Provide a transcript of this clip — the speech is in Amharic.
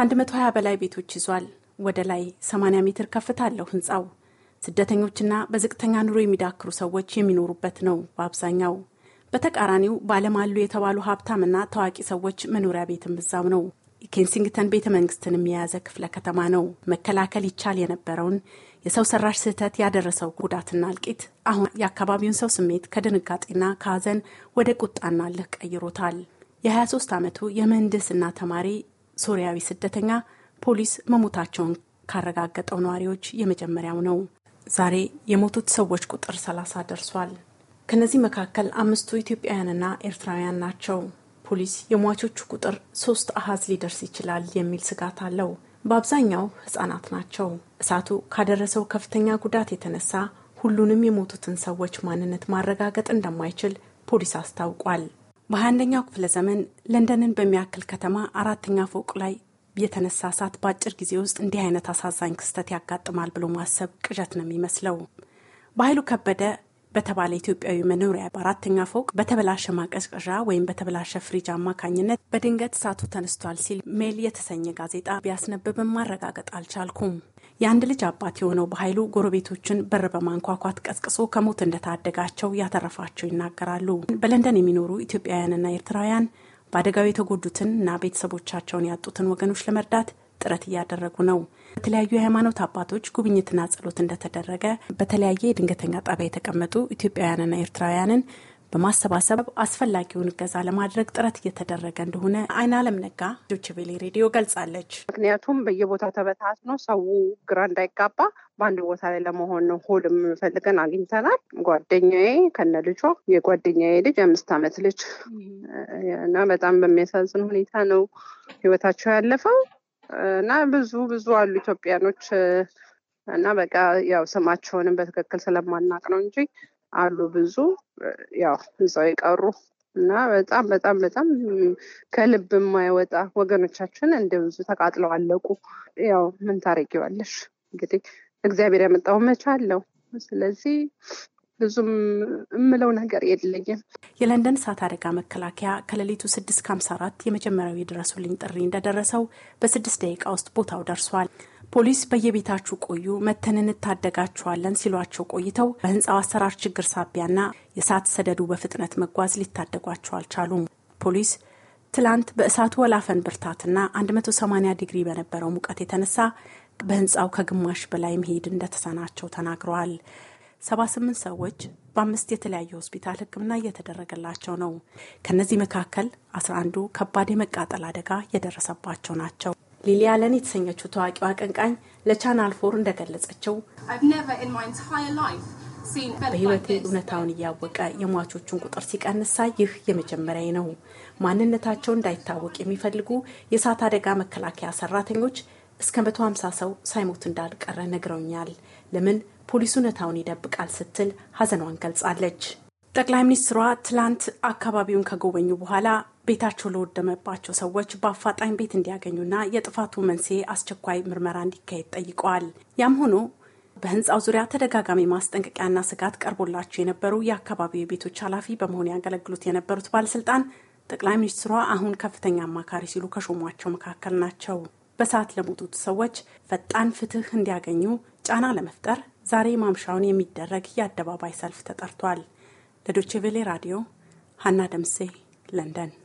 ከ120 በላይ ቤቶች ይዟል። ወደ ላይ 80 ሜትር ከፍታ አለው ህንፃው። ስደተኞችና በዝቅተኛ ኑሮ የሚዳክሩ ሰዎች የሚኖሩበት ነው በአብዛኛው። በተቃራኒው በዓለም አሉ የተባሉ ሀብታምና ታዋቂ ሰዎች መኖሪያ ቤትም እዛው ነው። የኬንሲንግተን ቤተ መንግስትንም የያዘ ክፍለ ከተማ ነው። መከላከል ይቻል የነበረውን የሰው ሰራሽ ስህተት ያደረሰው ጉዳትና እልቂት አሁን የአካባቢውን ሰው ስሜት ከድንጋጤና ከሀዘን ወደ ቁጣና ልህ ቀይሮታል። የ23 ዓመቱ የምህንድስና ተማሪ ሶሪያዊ ስደተኛ ፖሊስ መሞታቸውን ካረጋገጠው ነዋሪዎች የመጀመሪያው ነው። ዛሬ የሞቱት ሰዎች ቁጥር ሰላሳ ደርሷል። ከነዚህ መካከል አምስቱ ኢትዮጵያውያንና ኤርትራውያን ናቸው። ፖሊስ የሟቾቹ ቁጥር ሶስት አሃዝ ሊደርስ ይችላል የሚል ስጋት አለው። በአብዛኛው ህጻናት ናቸው። እሳቱ ካደረሰው ከፍተኛ ጉዳት የተነሳ ሁሉንም የሞቱትን ሰዎች ማንነት ማረጋገጥ እንደማይችል ፖሊስ አስታውቋል። በ21ኛው ክፍለ ዘመን ለንደንን በሚያክል ከተማ አራተኛ ፎቅ ላይ የተነሳ እሳት በአጭር ጊዜ ውስጥ እንዲህ አይነት አሳዛኝ ክስተት ያጋጥማል ብሎ ማሰብ ቅዠት ነው የሚመስለው። በኃይሉ ከበደ በተባለ ኢትዮጵያዊ መኖሪያ በአራተኛ ፎቅ በተበላሸ ማቀዝቀዣ ወይም በተበላሸ ፍሪጅ አማካኝነት በድንገት እሳቱ ተነስቷል ሲል ሜል የተሰኘ ጋዜጣ ቢያስነብብም ማረጋገጥ አልቻልኩም። የአንድ ልጅ አባት የሆነው በኃይሉ ጎረቤቶችን በር በማንኳኳት ቀስቅሶ ከሞት እንደታደጋቸው ያተረፋቸው ይናገራሉ። በለንደን የሚኖሩ ኢትዮጵያውያንና ኤርትራውያን በአደጋው የተጎዱትን እና ቤተሰቦቻቸውን ያጡትን ወገኖች ለመርዳት ጥረት እያደረጉ ነው። በተለያዩ የሃይማኖት አባቶች ጉብኝትና ጸሎት እንደተደረገ በተለያየ የድንገተኛ ጣቢያ የተቀመጡ ኢትዮጵያውያንና ኤርትራውያንን በማሰባሰብ አስፈላጊውን እገዛ ለማድረግ ጥረት እየተደረገ እንደሆነ አይን አለም ነጋ ዶችቬሌ ሬዲዮ ገልጻለች። ምክንያቱም በየቦታው ተበታትኖ ሰው ግራ እንዳይጋባ በአንድ ቦታ ላይ ለመሆን ነው። ሆልም አግኝተናል። ጓደኛዬ ከነ ልጇ የጓደኛዬ ልጅ የአምስት ዓመት ልጅ እና በጣም በሚያሳዝን ሁኔታ ነው ህይወታቸው ያለፈው እና ብዙ ብዙ አሉ ኢትዮጵያኖች እና በቃ ያው ስማቸውንም በትክክል ስለማናቅ ነው እንጂ አሉ ብዙ ያው እዛው የቀሩ እና በጣም በጣም በጣም ከልብ የማይወጣ ወገኖቻችን እንደ ብዙ ተቃጥለው አለቁ። ያው ምን ታረጊዋለሽ እንግዲህ እግዚአብሔር ያመጣው መቻ አለው። ስለዚህ ብዙም እምለው ነገር የለኝም። የለንደን እሳት አደጋ መከላከያ ከሌሊቱ ስድስት ከ አራት የመጀመሪያው የድረሱልኝ ጥሪ እንደደረሰው በስድስት ደቂቃ ውስጥ ቦታው ደርሷል። ፖሊስ በየቤታችሁ ቆዩ መተን እንታደጋችኋለን ሲሏቸው ቆይተው በህንፃው አሰራር ችግር ሳቢያና የእሳት ሰደዱ በፍጥነት መጓዝ ሊታደጓቸው አልቻሉም። ፖሊስ ትላንት በእሳቱ ወላፈን ብርታትና 180 ዲግሪ በነበረው ሙቀት የተነሳ በህንፃው ከግማሽ በላይ መሄድ እንደተሳናቸው ተናግረዋል። 78 ሰዎች በአምስት የተለያዩ ሆስፒታል ሕክምና እየተደረገላቸው ነው። ከእነዚህ መካከል 11ዱ ከባድ የመቃጠል አደጋ የደረሰባቸው ናቸው። ሊሊ አለን የተሰኘችው ታዋቂዋ አቀንቃኝ ለቻናል ፎር እንደገለጸችው በሕይወቴ እውነታውን እያወቀ የሟቾቹን ቁጥር ሲቀንሳ ይህ የመጀመሪያ ነው። ማንነታቸው እንዳይታወቅ የሚፈልጉ የእሳት አደጋ መከላከያ ሰራተኞች እስከ 150 ሰው ሳይሞት እንዳልቀረ ነግረውኛል። ለምን ፖሊስ እውነታውን ይደብቃል? ስትል ሀዘኗን ገልጻለች። ጠቅላይ ሚኒስትሯ ትላንት አካባቢውን ከጎበኙ በኋላ ቤታቸው ለወደመባቸው ሰዎች በአፋጣኝ ቤት እንዲያገኙና የጥፋቱ መንስኤ አስቸኳይ ምርመራ እንዲካሄድ ጠይቀዋል። ያም ሆኖ በህንፃው ዙሪያ ተደጋጋሚ ማስጠንቀቂያና ስጋት ቀርቦላቸው የነበሩ የአካባቢው የቤቶች ኃላፊ በመሆን ያገለግሉት የነበሩት ባለስልጣን ጠቅላይ ሚኒስትሯ አሁን ከፍተኛ አማካሪ ሲሉ ከሾሟቸው መካከል ናቸው። በሰዓት ለሞቱት ሰዎች ፈጣን ፍትህ እንዲያገኙ ጫና ለመፍጠር ዛሬ ማምሻውን የሚደረግ የአደባባይ ሰልፍ ተጠርቷል። ለዶቼ ቬሌ ራዲዮ ሀና ደምሴ ለንደን